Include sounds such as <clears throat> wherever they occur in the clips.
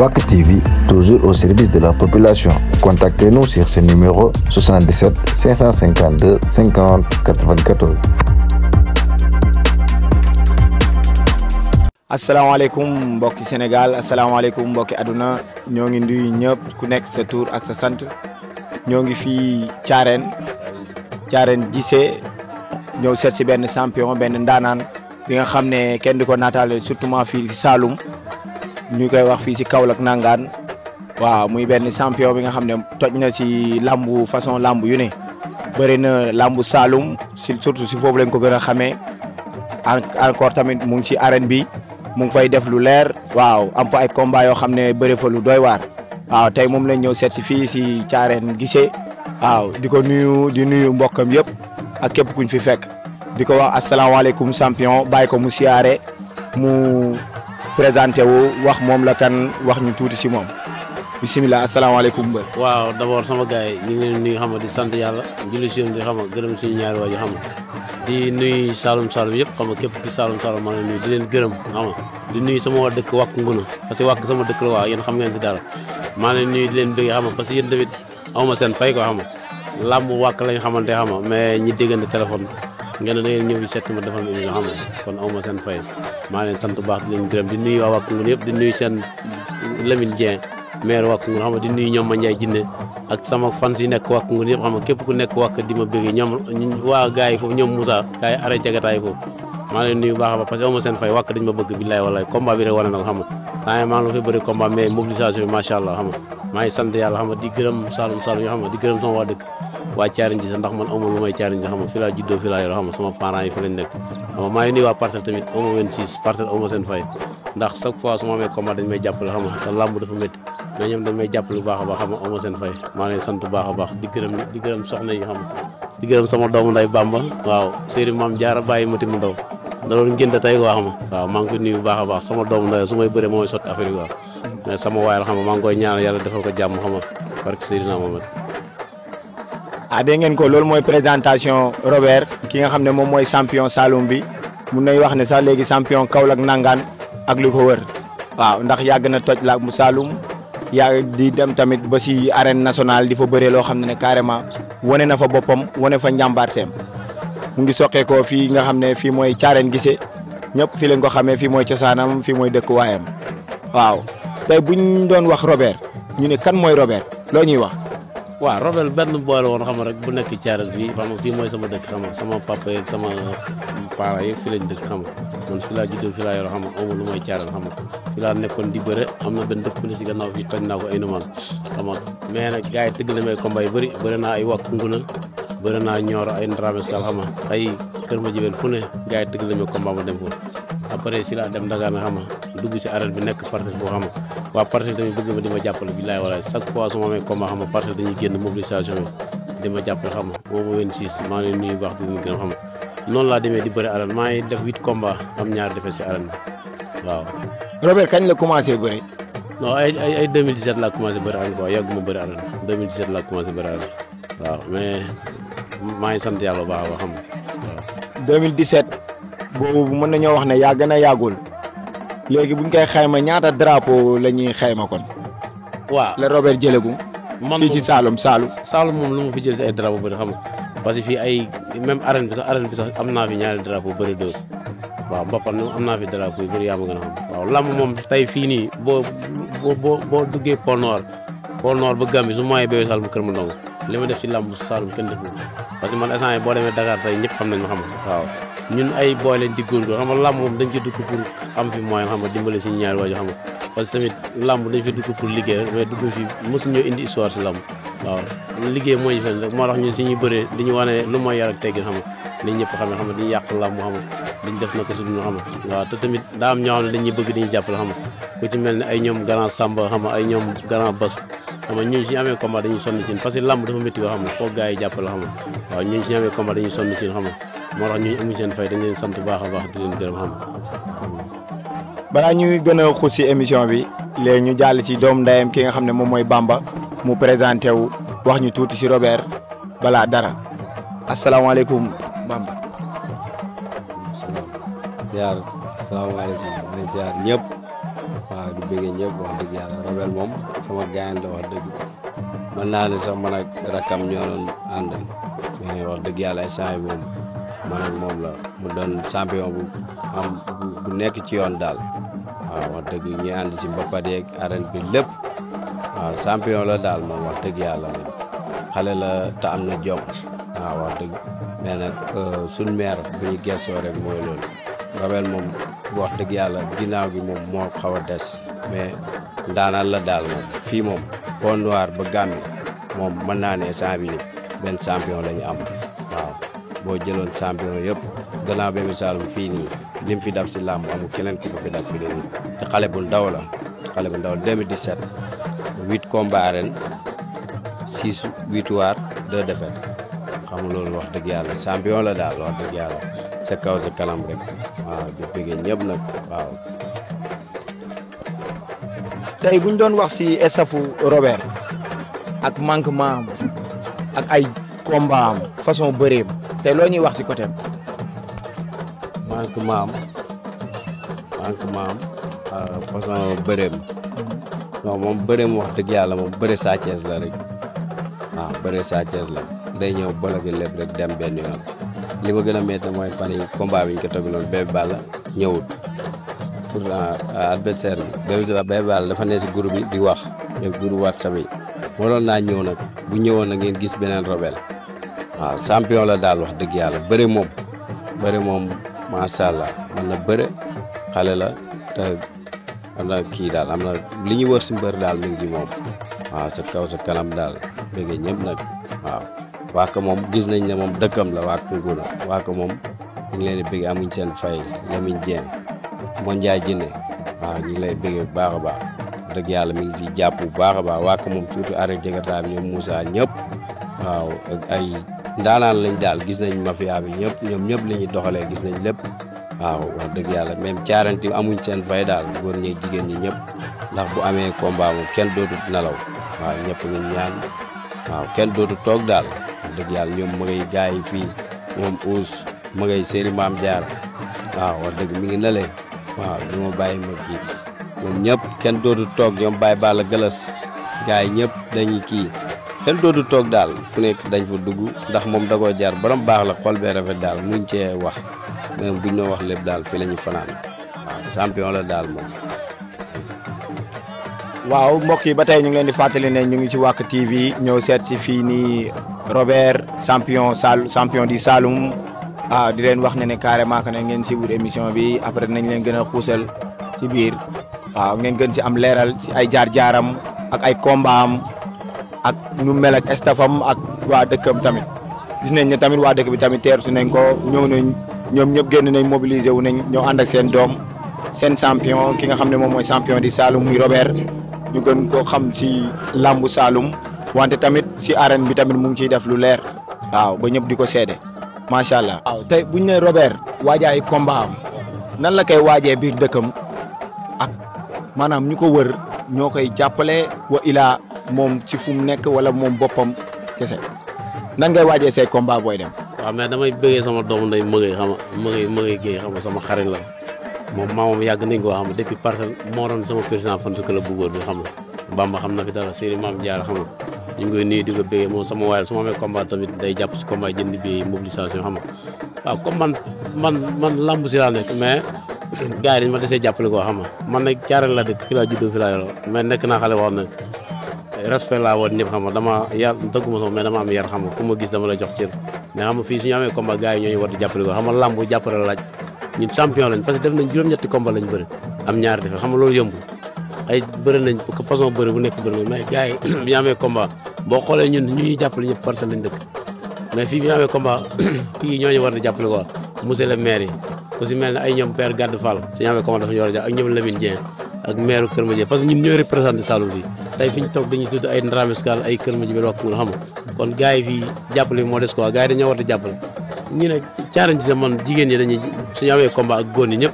WAC TV, toujours au service de la population. Contactez-nous sur ce numéro 77 552 50 94. alaikum mbokki Sénégal Assalamu alaikum mbokki aduna Nous sommes tous ñëpp ku nekk sa Nous ak sa santé. Nous ngi fii Thiarène Thiarène Guissé ñëw seet champion benn ndaanaan bi nga xam kenn di ko surtout fii Saloum ñu koy wax fii si kawlak nangaan waaw muy benn champion bi nga xam ne toj na si làmbu façon lamb yu ne bëri na lamb saalum si surtout si foofu lañ ko gën a xamee encore tamit mu ngi si arène bi mu ngi fay def lu leer waaw am fa ay combat yoo xam ne bëri fa lu doy waar waaw tey moom lañ ñëw seet si fii si caareen gisee waaw di ko nuyu di nuyu mbokkam yëpp ak képp kuñ fi fekk di ko wax asalaamaaleykum champion bàyyi ko mu siyaare mu présenté wu wax moom la kan wax ñu tuuti si moom bisimilah asalaamaaleykum mbër waaw d' abord sama gars yi ñu ngi leen nuyu xam di sant yàlla julli si di xam nga gërëm suñu ñaari waaju xam di nuyu saalum Saloum yëpp xam nga képp ki saalum Saloum ma la nuyu di leen gërëm xam nga di nuyu sama waa dëkk wàkk nguna parce que wàkk sama dëkk la waaw yéen xam ngeen si dara maa leen nuyu di leen bëgg xam nga parce que awma seen fay ko xam nga làmb wàkk lañ xamante xam nga mais ñi déggante téléphone ngeen ne da ngeen ñëw yi seet ma defal ma émission xam kon aw seen fay maa leen sant bu baax di leen gërëm di nuyu waa Wakkungur yëpp di nuyu seen ñoom ma Ndiaye Jinne ak sama fan yi nekk Wakkungur yëpp xam nga képp ku nekk wàkk di ma bëgg ñoom waa gars yi foofu ñoom Moussa a baax parce que aw ma ma bëgg billaay walaay bi rek wane na ko xam maa ngi fi bëri combat mais mobilisation bi macha allah xam maa ngi sant yàlla xam nga di gërëm Saloum Saloum yoo xam nga di gërëm sama waa dëkk waa Thiarène Cissé ndax man aw ma lu may Thiarène Cissé xam nga fi laa juddoo fi sama parents yi fa nekk xam nga maa ngi tamit aw ma 26 parcelle aw ma seen ndax a baax xam nga aw ma seen fay a baax yi xam di gërëm sama doomu nday Bamba waaw Serigne mu ndaw da doon gën tey ko nuyu baax a baax sama doomu may bëree moo may sotti affaire yi waaw mais maa ngi koy ñaanal yàlla defal ko jàmm xam nga barke Seydina Mohamed ah dégg ngeen ko loolu mooy présentation Robert ki nga xam ne moom mooy champion Saloum bi mun nañ wax ne sax léegi champion Kaolack nangaan ak lu ko wër waaw ndax yàgg na toj la mu Saloum yaa di dem tamit ba si arène nationale di fa bëree loo xam ne carrément wane na fa boppam wane fa njàmbaarteem mu ngi soqeekoo fii nga xam ne fii mooy caareen gise ñëpp fii lañ ko xamee fii mooy cosaanam fii mooy dëkkuwaayam waaw tey buñ doon wax Robert ñu ne kan mooy Robert loo ñuy wax. waaw robel benn boole woon xam rek bu nekk caaral fii xam fii mooy sama dëkk xam sama papa yeeg sama parents yëpp dëkk xam man fi juddoo fi laa yoroo xam nga lu mooy ne si ay numal yi bëri bëri naa ay wàkk nguna bëri naa ñooro ay ndrameskal xam ay kër ma jibeen fu ne gars yi tëgg na may combat ma dem foofu après si laa dem Dakar na xam nga dugg si arène bi nekk parcelle foo xam nga waa parcelle tamit bëgg ma dañuy génn génn mobilisation bi dama jàpp xam nga boobu 26 ngi leen baax di leen xam nga laa demee di bëri arène maa ngi def huit combats am ñaar defee si arène bi waaw. Robert kañ la commencé bëri. non ay ay ay 2017 laa commencé bëri arène quoi yàggu ma bëri arène 2017 laa commencé bëri waaw mais maa ngi sant yàlla bu baax a xam nga boobu mën nañoo wax ne yaa gën a yàggul léegi buñ koy xayma ñaata drapeau la ñuy xayma kon. waa la Robert jëlegu. man fii ci Saalum Saalum. Saalum moom lu mu fi jël si ay drapeau bëri xam nga parce que fii ay même arène bi sax arène bi sax am naa fi ñaari drapeau bëri dóor waaw mbapat nu am naa fi drapeau bëri yaa ma gën a xam waaw lamb moom tey fii nii boo boo boo duggee Pôle Nord Pôle Nord ba Gambie su mooy béyee Saalum kër mu ndongo li ma def ci làmb Saalum kenn def parce que man instant yi boo demee Dakar tey ñëpp xam nañ ma xam waaw ñun ay booy leen diggoon ko xam nga làmb moom dañ ci dugg pour am fi moyen xam liggéey rek mais dugg moo fen rek moo tax ñun suñuy bëree diñu wane lu mooy yar ak teggi xam nga liñ ñëpp xam nga xam nga diñu yàq làmb xam nga diñ def na ko su duñu xam nga waaw te tamit daa am ñoo xam ne dañuy bëgg diñu jàppale ku ci mel ay ñoom grand Samba xam ay ñoom grand Bass xam nga dañuy sonn si parce que làmb dafa métti yoo xam ne foog balaa ñuy gën a xuus si émission bi ñu jàll si doom ndeyam ki nga xam ne moom mooy Bamba mu présenté wu wax ñu tuuti si Robert balaa dara asalaamaaleykum Bamba. salaamaaleykum. yaa salaamaaleykum ñëpp. bëggee ñëpp wax dëgg yàlla Robert moom sama gaañ la wax dëgg mën naa ne sax man ak rakam ñoo doon ànd mais wax dëgg yàlla instant yi moom man ak moom la mu doon champion bu am bu nekk ci yoon daal waaw wax dëgg ñi ànd si mbappat yeeg arène bi lépp waaw champion la daal moom wax dëgg yàlla moom xale la te am na jom waaw wax dëgg mais nag euh, bu ñu rek wax gi moom moo xaw a mais ndaanaan la daal moom fii moom Pont Noir ba Gambie moom mën naa ne sant bi ni benn champion la am waaw boo jëloon champion yëpp gannaaw Bébé Saloum fii nii li mu fi daf si làmb amul keneen ku fi daf fi nii te xale bu ndaw la xale bu ndaw la 2017 huit combats ren six victoires deux défaites nga loolu wax dëgg yàlla champion la daal wax dëgg yàlla sa kaw rek waaw di bëggee ñëpp nag waaw tey bu doon wax si estafu Robert ak manquement am ak ay combat façon bëreem tey loo ñuy wax si côté mank manquement am manquement am euh, façon bëreem non moom bëreem wax dëgg yàlla moom bëre Sa la rek waaw bëre la day ñëw bologi lépp rek dem benn gën a métti mooy fan yi combat bi ñu ko togaloon Bébé ñëwut. pour adversaire bi Bébé Zirah Baye Balla dafa ne si groupe bi di wax ñoom groupe WhatsApp yi waroon bu ngeen gis beneen Robel waaw champion la daal wax dëgg yàlla bëre mom bëre moom macha allah man na bëre xale la te am na kii daal am na li ñu wër si mbër daal mi ngi ci moom waaw sa kaw sa kanam daal bëgg ñëpp nag waaw ko gis nañ ne la waa guna waa ko moom ngi leen di amuñ seen fay Mondiaye Jinné waaw ñu ngi lay béggee bu baax a baax dëgg yàlla mi ngi siy jàpp bu baax a baax waa ko moom surtout arrêt jegataay bi ñoom Moussa ñëpp waaw ak ay ndaanaan lañ daal gis nañ mafia bi ñëpp ñoom ñëpp li ñuy doxalee gis nañ lépp waaw wax dëgg yàlla même caaranti amuñ seen fay daal góor ñi jigéen ñi ñëpp ndax bu amee combat moom kenn dootul nelaw waaw ñëpp ngi ñaan waaw kenn dootu toog daal wax dëgg yàlla ñoom ma ngay gaay yi fii ñoom uus ma ngay séeri maam jaar waaw wax dëgg mi ngi nalee waaw du ma bàyyi ma kii ñëpp kenn dootu toog ñoom bàyyi bala gëlës gars yi ñëpp dañ kii kenn dootu toog daal fu nekk dañ fa dugg ndax moom da koo jaar borom baax la xol bee rafet daal muñ cee wax même buñ noo wax lépp daal fi la ñu fanaan waaw la daal moom. waaw mbokk yi ba tey ñu ngi di fàttali ne ñu ngi ci Wack TV ñëw seet si fii nii Robert champion Sal champion di Saloum. ah di leen wax ne ne carrément que ne ngeen suivre émission bi après nañ leen gën a xuusal si biir waaw ngeen gën si am leeral si ay jaar-jaaram ak ay kombaam ak ñu mel ak estafam ak waa dëkkam tamit gis nañ ne tamit waa dëkk bi tamit teertu nañ ko ñëw nañ ñoom ñëpp génn nañ mobiliser wu nañ ñoo ànd ak seen doom seen champion ki nga xam ne moom mooy champion di saalum muy ñu gën ko xam si làmbu saalum wante tamit si arène bi tamit mu ngi ciy def lu leer waaw ba ñëpp di ko seede macha allah. waaw tey bu ñu nee Robert waajaay combat nan la koy waajee biir dëkkam ak maanaam ñu ko wër ñoo koy jàppale wa ilaa moom ci fu mu nekk wala moom boppam kese nan ga waajee say combat booy dem. waaw mais damay bëggee sama doomu na mëgëy xam nga mëgëy mëgëy géey xam sama xarit la moom maa moom yàgg nañ koo xam depuis parcelle moo doon sama président fan club bu góor bi xam nga. Bamba xam na fi dara Sëriñ Maam Jaara xam nga ñu ngi koy nuyu di ko béggee sama waay su ma amee combat tamit day jàpp si combat jënd bi mobilisation xam nga man man man lamb si laa nekk mais <clears throat> gars yi ma desee jàppale koo xam nga man nag caaral la dëkk fi laa juddoo fi laa yoroo mais nekk naa xale wax ne respect laa woon ñëpp xam nga dama yar dëgguma sama mais dama am yar xam nga ku la jox cër mais xam fii suñu amee combat gars ñooñu war di jàppale koo xam nga lamb jàppale laaj ñun champion lañ parce def nañ juróom-ñetti combat lañ bëri am ñaari defe loolu yëmbul ay bëri nañ fa façon bu nekk bëri nañ mais gars yi <clears throat> bi ñu amee combat boo ñun ñu ñuy dëkk mais fii bi ñu amee <clears throat> ñooñu war na jàppale quoi monsieur le ku si ne ay ñoom père Gadou Fall suñu amee combat dafa ñu war a jàpp ñoom Lamine Dieng ak maire Kër Madiabel ñun ñooy représenté Saloum fii tey fi ñu toog dañuy tudd ay Ndramé Escale ay Kër Madiabel wax nga kon gars yi fii jàppale moo des quoi gars yi war a jàppale ñu ne caarañ ci jigéen ñi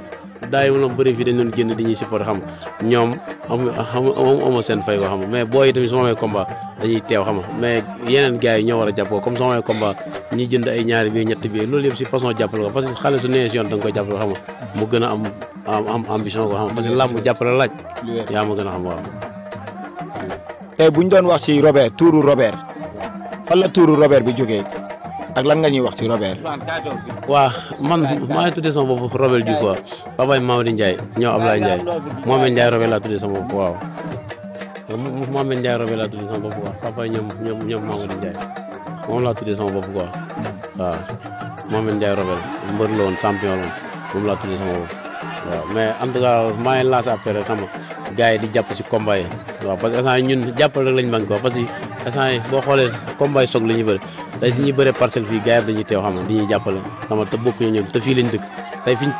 daay moom bëri fii dañ doon génn di ñuy support xam ñoom amu amu amoo seen fay koo xam mais booy tamit su ma amee teew xam mais yeneen gars yi ñoo war a jàppoo comme su ma amee combat ñuy jënd ay ñaari bi ñetti bi loolu yëpp si façon jàppale ko parce que xale su nee si yoon da nga koy jàppale xam mu gën a am am ambition koo xam parce que làmb jàppale laaj yaa ma gën a xam waaw tey bu ñu doon wax ci Robert tuuru Robert fan la tuuru Robert bi jógee ak lan nga ñuy wax ci Robert. waaw man maa ngi tuddee sama bopp Robert Diouf waaw papaay Mamadou Ndiaye ñëw Ablaye Ndiaye Mohamed Ndiaye Robert laa tuddee sama bopp waaw Mohamed Ndiaye Robert laa tuddee sama bopp waaw papaay ñoom ñoom ñoom Mamadou Ndiaye moom laa tuddee sama bopp quoi waaw Mohamed la woon champion la woon moom laa tuddee sama bopp waaw mais en tout cas maa gars di jàpp si combat yi waaw parce que ñun jàppal rek lañ manqué waaw yi boo xoolee combat yi soog la si ñuy bëree fii gars yi dañuy teew xam di ñuy jàppale xam nga te bokk ñu ñoom te fii lañ dëkk tey fi ñu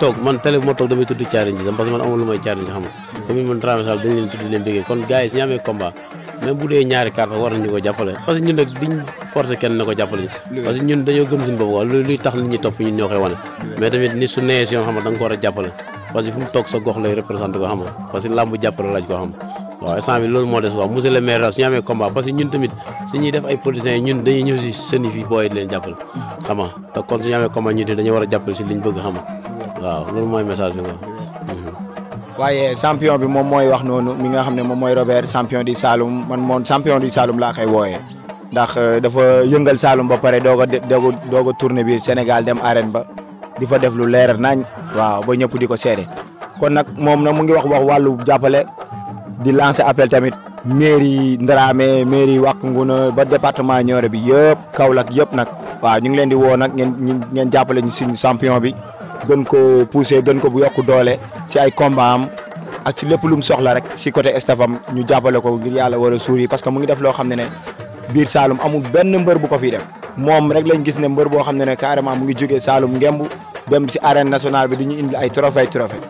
ñu amee combat même bu dee ñaari carte war nañu ko jàppale parce ñun nag diñ forcé kenn na ko jàppale parce ñun dañoo gëm suñu bopp waaw luy tax nit ñi topp ñun ñoo koy wane tamit ni su neexee si yoo xam ne parce que fu mu toog sa gox lay représenté ko xam nga parce que làmb jàppale laaj ko xam waaw instant bi loolu moo des waaw monsieur le maire daal su ñu amee combat parce que ñun tamit su ñuy def ay politiciens yi ñun dañuy ñëw si sëni fi booy di leen jàppale xam kon su ñu amee ñun tamit dañu war a jàppale si liñ bëgg xam waaw loolu mooy message bi quoi mm-hmm. waaye champion bi moom mooy wax noonu mi nga xam ne moom mooy Robert champion du Saloum man moom champion du Saloum laa euh, a a di fa def lu leer nañ waaw ba ñëpp di ko seede kon nag moom nag mu ngi wax wax wàllu jàppale di lancer appel tamit mairie Ndramé mairie Wak Nguna ba département Nioro bi yëpp Kaolack yëpp nak waaw ñu ngi leen di woo nak ngeen ngeen jàppale ñu suñu champion bi gën ko pousser gën ko bu si ay combat am ak ci lépp lu soxla rek si côté stafam ñu jàppale ko ngir yàlla war a suur yi parce que mu ngi def loo xam benn bu ko def moom rek lañ gis ne mbër boo xam ne ne carrément mu ngi jógee Saalum ngemb dem si arène nationale bi du ñu indi ay trophée trophée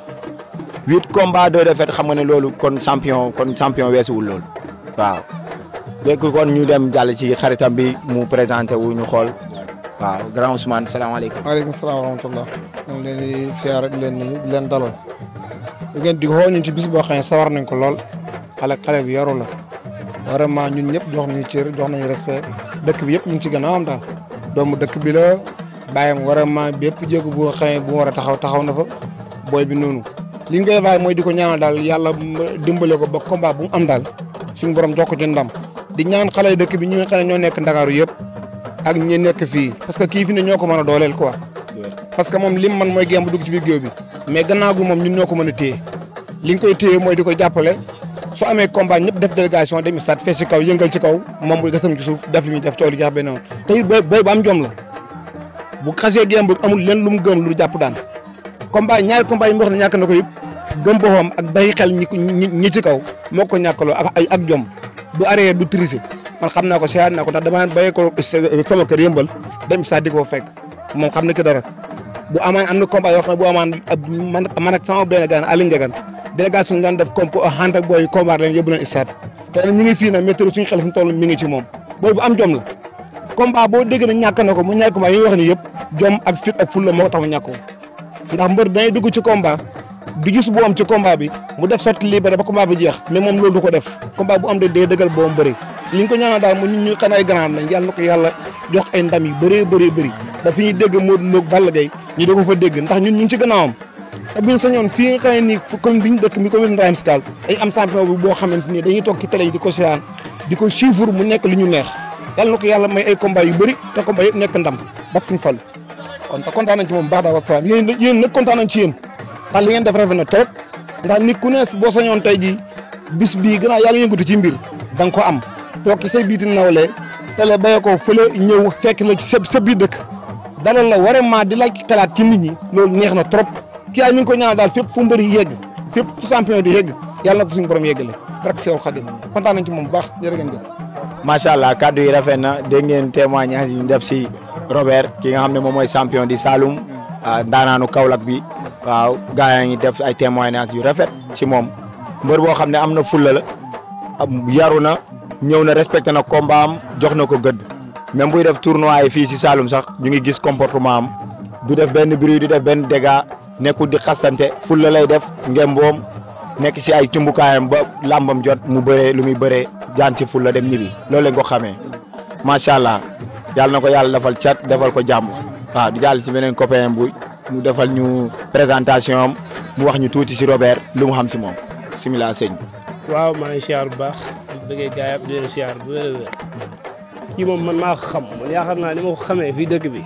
huit combats deux défaites xam nga ne loolu kon champion kon champion weesuwul loolu waaw léegi kon ñu dem jàll si xaritam bi mu présenté wu ñu xool waaw grand Ousmane salaamaaleykum. waaleykum salaam wa rahmatulah. ñu leen di siyaare di leen nuyu di leen dalal. bu ngeen di xoo ñu ci bis boo xam ne sawar nañ ko lool xale xale bi yaru vraiment ñun ñëpp jox nañu cër jox nañu respect dëkk bi yëpp ñu ngi ci gannaawam daal doomu dëkk bi la bàyyam vraiment bépp jéego bu xamee bu war a taxaw taxaw na fa booy bi noonu li ñu koy bàyyi mooy di ko ñaanal daal yàlla dimbale ko ba combat bu am daal suñu borom jox ko ci ndam di ñaan xale dëkk bi ñu nga xam ñoo nekk ndakaaru yëpp ak ñi nekk fii parce que kii fi ne ñoo ko mën a dooleel quoi parce que moom lim man mooy gémb dugg ci biir géew bi moom ñoo ko mën a téye li ñu koy téye mooy di ko jàppale su amee combat ñëpp def délégation dem stade fees ci kaw yëngal ci kaw moom bu gasam ci suuf def li muy def coow li jeex woon te it béy bu am jom bu xasee géem bu amul leen lu mu gëm lu jàpp daan combat ñaari combat yi mu wax ne ñàkk na ko yëpp gëm boppam ak bay xel ñi ñi ci kaw moo ko ñàkkaloo ak ak jom du arrêté du tricher man xam naa ko seeyaat naa ko ndax dama naan bàyyi ko sama kër yëmbal dem stade di ko fekk moom xam na ki dara bu am an combat yoo xam ne bu amaan man man ak sama benn gaan Aliou Ndiagane délégation def comme xant ak booy combat leen yóbbu leen stade te ñu ngi fii nag météo suñu xel fi mu toll mi ci moom booy bu am jom la boo dégg na ko mu ñàkk combat yi ni yëpp jom ak fit ak fulla moo ko tax mu ñàkk ndax mbër dañuy dugg ci combat di gis am ci combat bi mu def sotti libéré ba combat jeex mais moom loolu du ko def combat bu am de day dëggal boom bëri li ñu ko ñaanal daal mu ñu xanaa ay grand lañ yàlla ko yàlla jox ay ndam yu bëree bëree bëri ba fi ñuy dégg Modou Lo Balla Gaye ñu da ko fa dégg ndax ñun ñu ngi ci gannaawam te bu fii nga xam dëkk mi commune Ndayane boo xamante ni dañuy toog ci télé ko di ko nekk ñu neex yàlla na ko yàlla may ay yu bëri te combat yëpp nekk ndam bak suñu fal kon te kontaan nañ moom baax daal wasalaam yéen yéen nag kontaan nañ ci yéen ndax li ngeen def rafet na trop ndax nit ku nees boo sañoon tey ji bis bii yaa ngi ci mbir da nga ko am toog say biiti nawle te la béye ko fële ñëw fekk na ci sa bi biir dëkk dalal la vraiment di laaj xalaat ci nit ñi lool neex na trop ki ay ñu ko ñaan dal fep fu mbëri yegg fep fu champion du yegg yalla na ko suñu borom yeggale rek Seexul Xadim kontaan nañ ci mom bax baax jërë def jëf macha allah kaddu yi rafet na de ngeen témoignage ñu def ci Robert ki nga xamne mom moy champion di Saloum ah, ndaanaanu kaolak bi waaw gaay nga def ay témoignage yu rafet ci mom mbeur bo xamne amna fulla la yaru na ñëw na respecté na combat jox na ko gëdd même buy def tournoi yi fii si Saloum sax ñu ngi gis comportement am du def benn bruit du def benn dégât nekkul di xasante ful la lay def ngemboom nekk si ay cumbukaayam ba làmbam jot mu bëree lu muy bëree jaan ci ful la dem ñibbi loolu lañ ko xamee macha allah yàlla na ko yàlla defal cat defal ko jàmm waaw di jàll si beneen copain bu mu defal ñu présentation mu wax ñu tuuti si Robert lu mu xam si moom simila sëñ waaw maa ngi siyaar bu bëggee gaa yab siyaar bu wér a wér kii moom man maa ko xam man yaakaar naa ni ma ko xamee fii dëkk bi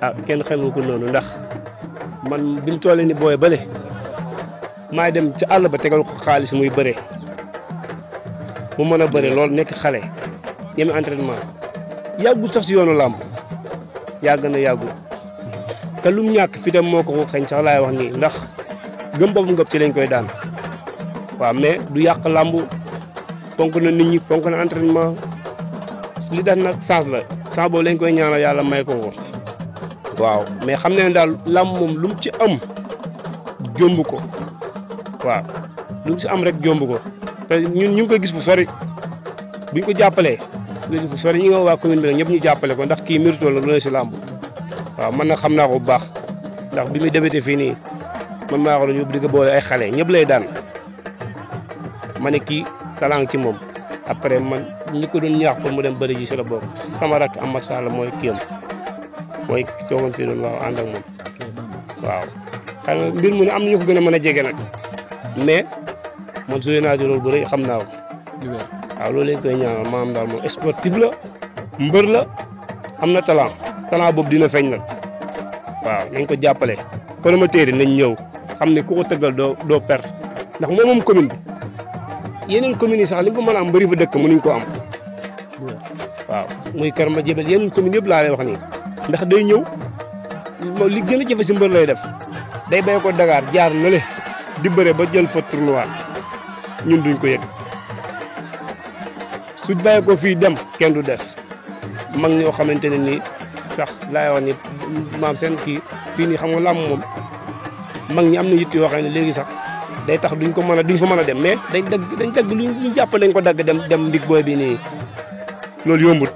ah kenn xam ko noonu ndax man bi mu tollee ni booy bële maay dem ci àll ba tegal ko xaalis muy bëre mu mën a bëre loolu nekk xale ñeme entraînement yàggu sax si yoonu làmb yàgg na yàggu te lum ñàkk fi dem moo ko xeeñ sax laay wax nii ndax gëm boppam ngëp ci lañ koy daan waaw mais du yàq làmb fonk na nit ñi fonk na entraînement li tax nag chance la chance boobu lañ koy ñaanal yàlla may ko ko waaw mais xam ne daal lam moom lu mu ci am jomb ko waaw lu ci am rek jomb ko te ñun ñu ngi koy gis fu sori buñ ko jàppalee ñu ngi fu sori ñi nga waa commune bi nag ñëpp ñu jàppale ko ndax kii mérito la loolu si làmb waaw man na xam naa ko bu baax ndax bi muy débuté fii nii man maa ko doon yóbbu di boole ay xale ñëpp lay daan ma ne talang ci mom après man ni ko doon ñaax pour mu dem bari ji si la bokk sama rak am ak sala moy kiyam moy togon fi doon waaw ànd ak moom waaw xam nga mbir mu ne am ñu ko gëna mëna mën nak mais man zoyna naa ci loolu bu reuy xam naa ko waaw loolu lañ koy ñaanal am dal mo sportif la mbeur la amna na talent talent boobu dina feeñ nak waaw nañ ko jappalé jàppale promoteur téré nañ ñëw xamni ku ko tëggal do do perte ndax moom moom commune yeneen commune sax li fa mën a am bari fa dëkk mënuñ ko am waaw muy kar ma jébal yeneen commune yëpp laa lay wax nii ndax day ñëw li gën a jafe si mbër lay def day bay ko Dakar jaar na le di bëre ba jël fa tournoi ñun duñ ko yëg suñ bay ko fii dem kenn du des mag ñoo xamante ne nii sax laay wax ni maam seen kii fii nii xam nga làmb moom mag ñi am na yitt yoo xam ne léegi sax day tax duñ ko mëna duñ fa mëna dem mais dañ dagg dañ dagg luñ ñu japp dañ ko dagg dem dem big boy bi ni loolu yombut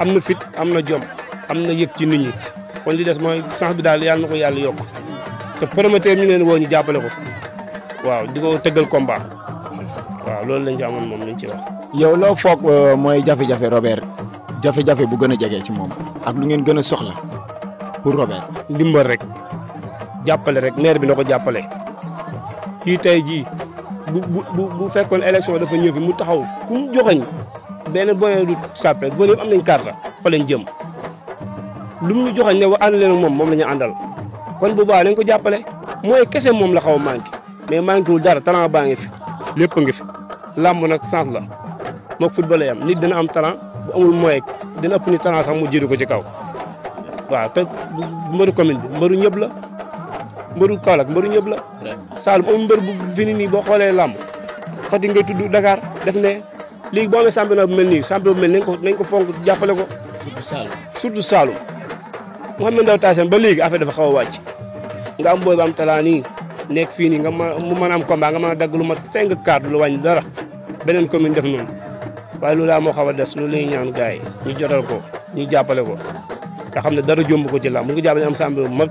amna fit amna jom amna yek ci nit ñi kon li dess moy sax bi dal yalla nako yalla yok te promoteur ñu leen woo ñu jàppale ko waaw diko teggal combat waaw loolu lañ ci amon mom lañ ci wax. yow lo fokk euh, moy jafé jafé Robert jafé jafé bu gëna jégé ci mom ak lu ngeen gëna soxla pour Robert. dimbal rek jappalé rek maire bi nako jappalé ki tay ji bu bu bu fekkoon élection dafa ñëw fi mu taxaw ku mu joxoñ benn du sapé bone am nañ carte fa lañ jëm lu mu ñu ne wa and leen mom mom lañu andal kon bu ba lañ ko jappalé moy kessé mom la xaw udara, mais manki wu dara talent ba nga fi lepp nga fi lamb nak sans la mok football yam nit dina am talent bu amul moyen dina ëpp ni talent sax mu jiitu ko ci kaw wa te mbaru commune mbaru ñëpp la mbeuru Kaolack mbeuru ñëpp la. Saalum amul mbeur bu fini ni bo xolé làmb Fatick ngay tuddu Dakar def ne léegi bo me championnat bu melni nii championnat bu mel ko nañ ko fonk jàppale ko. surtout Saalum surtout ndaw tassem ba léegi affaire dafa xaw wacc nga am boy bam talani nek fini nga mu man am combat nga man dag lu mat 5 card lu wañ dara beneen commune def non way loolu moo xaw a des loolu la ñaan gaay ñu jotal ko ñu jàppale ko nga xamne dara jomb ko ci làmb mu ngi jàppale am championnat mak